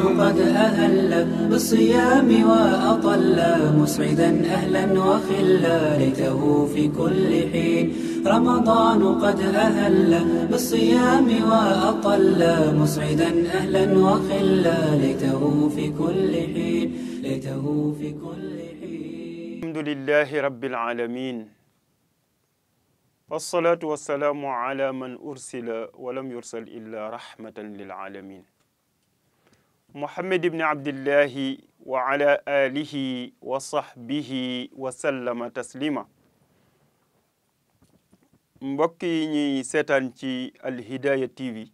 الشهر قد أهل بالصيام وأطل مسعدا أهلا وخلا ليته في كل حين رمضان قد أهل بالصيام وأطل مسعدا أهلا وخلا ليته في كل حين ليته في كل حين الحمد لله رب العالمين والصلاة والسلام على من أرسل ولم يرسل إلا رحمة للعالمين muhammad ibni abdillahi wa ala alihi wa sahbihi wa sallama taslima mbokk yi ñuy seetaan ci alhidaya tv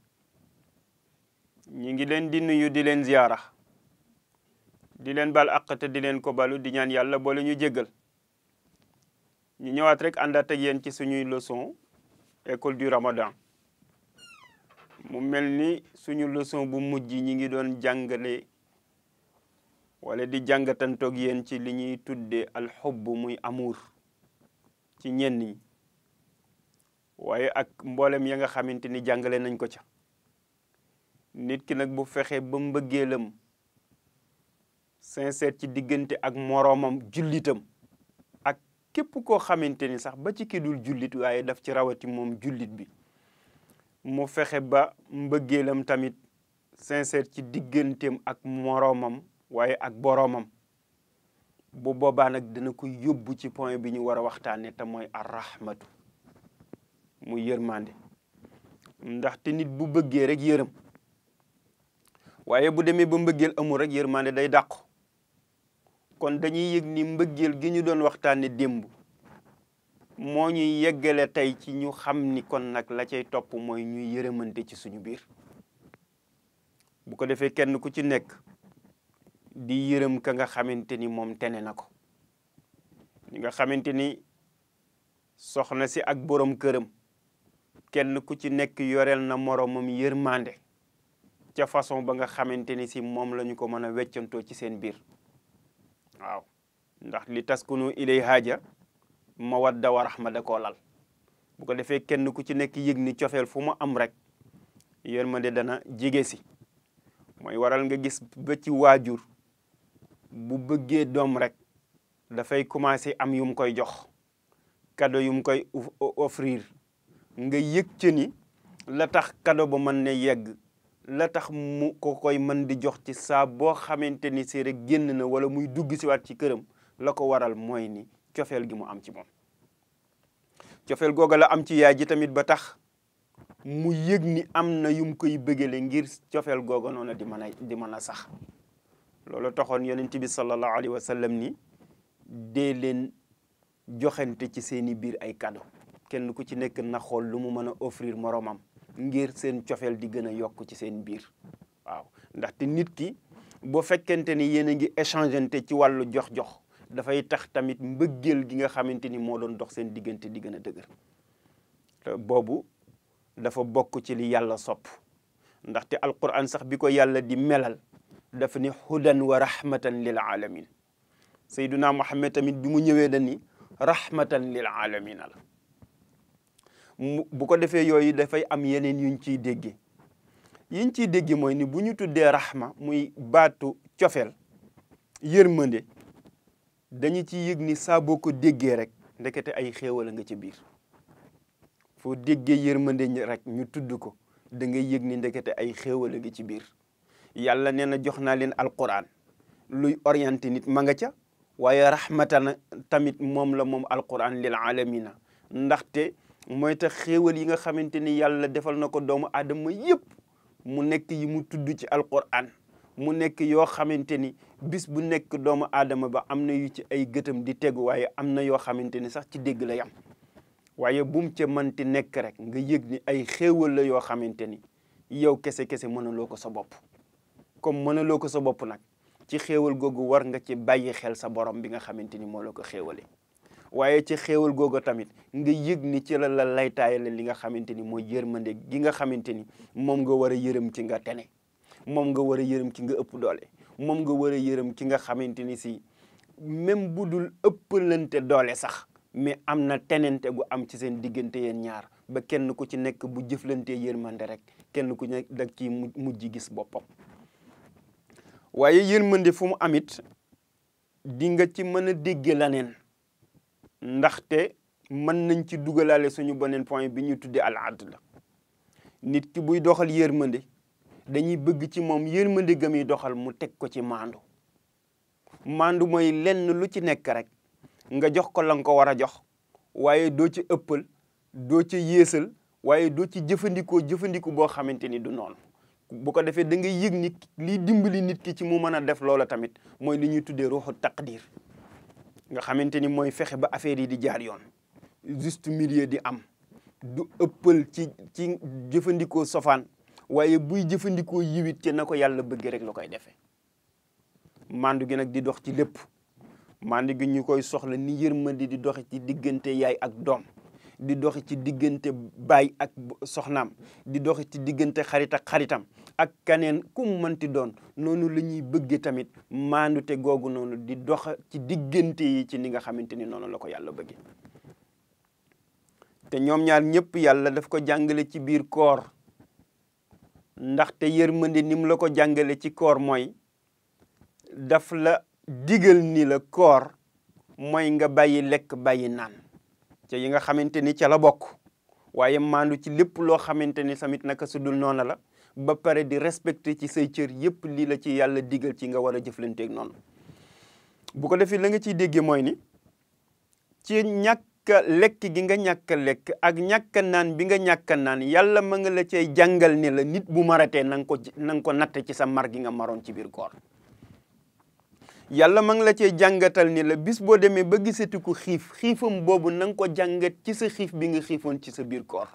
ñu ngi leen di nuyu di leen ziyaara di leen bal àq di leen ko balu di ñaan yàlla boole ñu jéggal ñu ñëwaat rek àndaat ak yéen ci suñuy leçon école du ramadan mu mel ni suñu leçon bu mujj ñi ngi doon jàngale wala di jàngatantoog yéen ci li ñuy tudde alxubb muy amour ci ñenn ñi waaye ak mboolem ya nga xamante ni jàngale nañ ko ca nit ki nag bu fexee ba mbëggeelam sincère ci diggante ak moroomam jullitam ak képp koo xamante ni sax ba ci ki dul jullit waaye daf ci rawati moom jullit bi mu fexe ba mbëggeelam tamit sincère ci digganteem ak moroomam waaye ak boroomam bu boobaa nag dina ko yóbbu ci point bi ñu war a waxtaane te mooy arrahmatu muy yërmande ndaxte nit bu bëggee rek yërëm waaye bu demee ba mbëggeel amul rek yërmande day dàqu kon dañuy yëg ni mbëggeel gi ñu doon waxtaane démb moo ñuy yeggale tey ci ñu xam ni kon nag la cay topp mooy ñu yërëmante ci suñu biir bu ko defee kenn ku ci nekk di yërëm ka nga xamante ni moom tene na ko ñi nga xamante ni soxna si ak borom këram kenn ku ci nekk yoreel na moroomam yërmande ca façon ba nga xamante ni si moom lañu ko mën a weccantoo ci seen biir waaw ndax li taskunu ilay haaja mawadda wa ma da koo lal bu ko defee kenn ku ci nekk yëg ni cofeel fu ma am rek yërmande dana jege si mooy waral nga gis ba ci waajur bu bëggee doom rek dafay commencé am yu mu koy jox kado yu mu koy offrir nga yëg ci ni la tax kado ba mën ne yegg la tax mu ko koy mën di jox ci saab boo xamante ni séere génn na wala muy dugg si waat ci këram la ko waral mooy ni cofeel gi mu am ci moom cofeel googa la am ci yaay ji tamit ba tax mu yëg ni am na yum koy bëggale ngir cofeel googa noonu di mën a di mën a sax loolu taxoon yonent bi sallallahu alayhi wa sallam ni dee leen joxante ci seeni biir ay cadeau kenn ku ci nekk na xool lu mu mën a offrir moroomam ngir seen cofeel di gën a yokk ci seen biir waaw ndaxte nit ki boo fekkente ni yéen a ngi échangeante ci wàllu jox-jox dafay tax tamit mbëggeel gi nga xamante ni moo doon dox seen diggante di a dëgër boobu dafa bokk ci li yàlla sopp ndaxte alquran sax bi ko yàlla di melal dafa ni hudan wa rahmatan lil alamin sayduna muhammad tamit bi mu ñëwee dani ni rahmatan lil alamin la bu ko defee yooyu dafay am yeneen yuñ ciy déggee yiñ ciy dégge mooy ni bu ñu tuddee rahma muy baatu cofeel yërmande dañu ci yëg ni saa boo ko déggee rek ndekete ay xéewal nga ci biir foo déggee yërmande rek ñu tudd ko danga ngay ni ndekete ay xéewal nga ci biir yàlla nee na jox naa leen alquran luy orienté nit ma nga ca waaye rahmatan tamit moom la moom alquran lil alamina ndaxte mooy tax xéewal yi nga xamante ni yàlla defal na ko doomu aadama yëpp mu nekk yi mu tudd ci alquran mu nekk yoo xamante ni bis bu nekk doomu aadama ba am na yu ci ay gëtam di tegu waaye am na yoo xamante ni sax ci dégg la yam waaye bum ca mënti nekk rek nga yëg ni ay xéewal la yoo xamante ni yow kese-kese mënaloo ko sa bopp comme mënaloo ko sa bopp nag ci xéewal googu war nga ci bàyyi xel sa borom bi nga xamante ni moo la ko xéewale waaye ci xéewal googu tamit nga yëg ni ci la la laytaayale li nga xamante ni mooy yërmande gi nga xamante ni moom nga war a yërëm ci nga tene moom nga war a yërëm ki nga ëpp doole moom nga war a yërëm ki nga xamante ni si même bu dul ëppalante doole sax mais am na tenente gu am ci seen diggante yéen ñaar ba kenn ku ci nekk bu jëflantee yërmande rek kenn ku nekk dag ci mujj gis boppam waaye yërmande fu mu amit di nga ci mën a dégge ndaxte mën nañ ci dugalaale suñu beneen point bi ñu tuddee al adl la nit ki buy doxal yërmande dañuy bëgg ci moom yërmande gam yi doxal mu teg ko ci maandu maandu mooy lenn lu ci nekk rek nga jox ko la ko war a jox waaye doo ci ëppal doo ci yéesal waaye doo ci jëfandikoo jëfandiku boo xamante ni du noonu bu ko defee da yëg ni liy dimbali nit ki ci mu mën a def loola tamit mooy li ñuy tuddee taq diir nga xamante ni mooy fexe ba affaire yi di jaar yoon juste milieu di am du ëppal ci ci jëfandikoo sofaan waaye buy jëfandikoo yiwit ci na ko yàlla bëgg rek la koy defee màndu gi nag di dox ci lépp mandu gi ñu koy soxla ni yërmande di doxe ci diggante yaay ak doom di doxe ci diggante baay ak soxnaam di doxe ci diggante xarit xaritam ak kaneen ku mu mënti doon noonu la ñuy bëgge tamit maandute googu noonu di dox ci diggante yi ci ni nga xamante ni noonu la ko yàlla bëgge te ñoom ñaar ñëpp yàlla daf ko jàngale ci biir koor ndax ndaxte yërmande ni mu la ko jàngale ci koor mooy daf la digal ni la koor mooy nga bàyyi lekk bàyyi naan ca yi nga xamante ni ca la bokk waaye maandu ci lépp loo xamante ni tamit naka su dul noona la ba pare di respecté ci say cër yépp lii la ci yàlla diggal ci nga war a jëflanteeg noonu bu ko defee la nga ciy déggee mooy ni ci ñàkk lekk gi nga ñàkk lek ak ñàkk naan bi nga ñàkk naan yàlla ma nga la cay jangal ne la nit bu maratee nang ko nang ko natte ci sa mar gi nga maroon ci biir koor yàlla ma ngi la ni la bis bo demee ba gisati ko khif xiifam bo na nang ko jangat ci sa khif bi nga che ci sa biir koor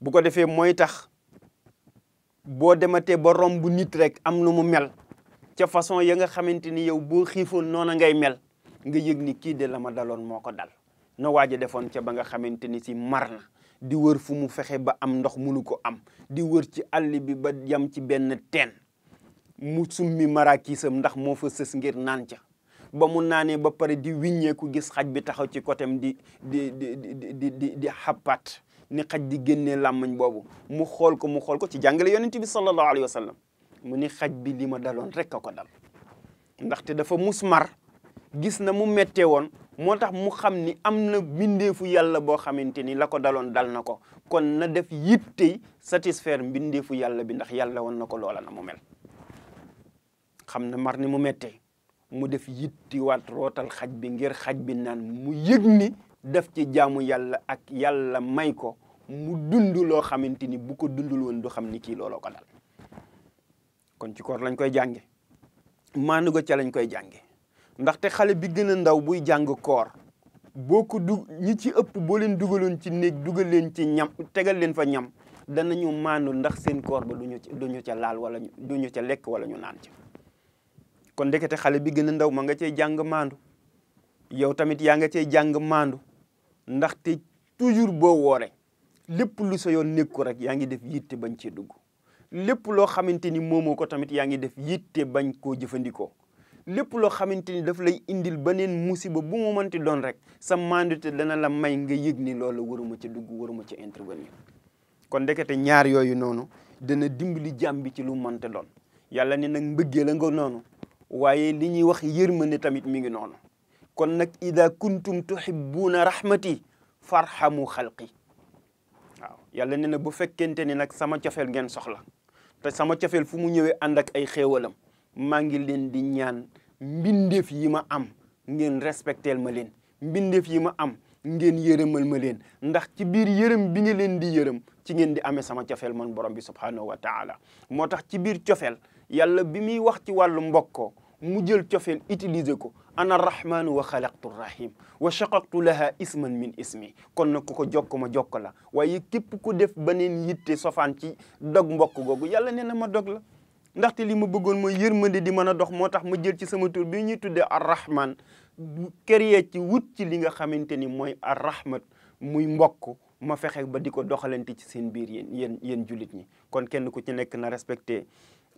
bu ko defee mooy tax ba nit rek am nu mu mel ca façon ya nga xamante yow boo mel nga yëg ni kii de la ma daloon moo ko dal na waaj defoon ca ba nga xamante ni si mar na di wër fu mu fexe ba am ndox munu ko am di wër ci àll bi ba yam ci benn teen mu summi marakiisam ndax moo fa sës ngir naan ca ba mu naanee ba pare di wiññeeku gis xaj bi taxaw ci côtéem di di di di di di xappaat ni xaj di génnee làmmañ boobu mu xool ko mu xool ko ci jàngale yonent bi sallallahu alayhi wa mu ni xaj bi li ma daloon rek a ko dal ndaxte dafa mus mar gis na mu méttee woon moo tax mu xam ni am na mbindeefu yàlla boo xamante ni la ko daloon dal na ko kon na def yittey satisfaire mbindeefu yàlla bi ndax yàlla woon na ko loola na mu mel xam na mar ni mu méttee mu def yitti waat rootal xaj bi ngir xaj bi naan mu yëg ni def ci jaamu yàlla ak yàlla may ko mu dund loo xamante ni bu ko dundul woon du xam ni kii looloo ko dal kon ci koor lañ koy jànge maanu ga ca lañ koy jànge ndaxte xale bi gën a ndaw buy jàng koor boo ko du ñi ci ëpp boo leen dugaloon ci néeg dugal leen ci ñam tegal leen fa ñam danañu màndu ndax seen koor ba duñu duñu ca laal wala duñu ca lekk wala ñu naan ci kon ndekete xale bi gën a ndaw ma nga cee jàng maandu yow tamit yaa nga cey jàng maandu ndaxte toujours boo woore lépp lu sa yoon nekku rek yaa ngi def yitte bañ cee dugg lépp loo xamante ni moomoo ko tamit yaa ngi def yitte bañ koo jëfandikoo lépp loo xamante ni daf lay indil beneen musiba bu mu manti doon rek sa mandute dana la may nga yëg ni loolu waruma ci dugg waruma ci intervenir kon ndekete ñaar yooyu noonu dana dimbali jàmm bi ci lu mante doon yàlla ne nag mbëggee la nga noonu waaye li ñuy wax yërmande tamit mu ngi noonu kon nag ida kuntum tuhibbuuna far xamu xalqi waaw yàlla ne na bu fekkente ni nag sama cofeel ngeen soxla te sama cofeel fu mu ñëwee ànd ak ay xéewalam maa ngi leen di ñaan mbindeef yi ma am ngeen respecteel ma leen mbindeef yi ma am ngeen yërëmal ma leen ndax ci biir yërëm bi leen di yërëm ci ngeen di amee sama cofeel man borom bi subhanahu wa taala moo tax ci biir cofeel yàlla bi muy wax ci wàllu mbokkoo mu jël cofeel utiliser ko ana rahmaanu wa xalaqtu rahim wa shaqaqtu laha isman min ismi kon nag ko jokk ma jokk la waaye képp ko def beneen yitte sofaan ci dog mbokk googu yàlla nee na ma dog la ndaxte li ma bëggoon mooy yërmande di mën a dox moo tax ma jël ci sama tur bi ñuy tuddee kër yee ci wut ci li nga xamante ni mooy arrahmat muy mbokk ma fexe ba di ko doxalante ci seen biir yéen yéen julit jullit ñi kon kenn ku ci nekk na respecté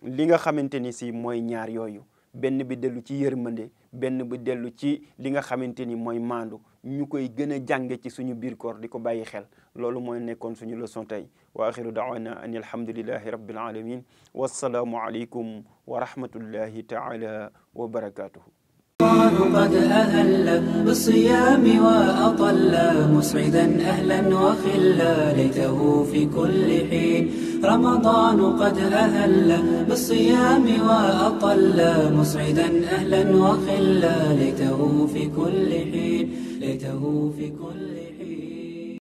li nga xamante ni si mooy ñaar yooyu benn bi dellu ci yërmande benn bi dellu ci li nga xamante ni mooy maandu ñu koy gën a jànge ci suñu biir koor di ko bàyyi xel loolu mooy nekkoon suñu leçon tey wa axiru daawana an alhamdulillahi rabbil alamin wassalaamu aleykum wa rahmatullahi taala wa barakatuhu الشيطان قد أهل بالصيام وأطل مسعدا أهلا وخلا ليته في كل حين رمضان قد أهل بالصيام وأطل مسعدا أهلا وخلا ليته في كل حين ليته في كل حين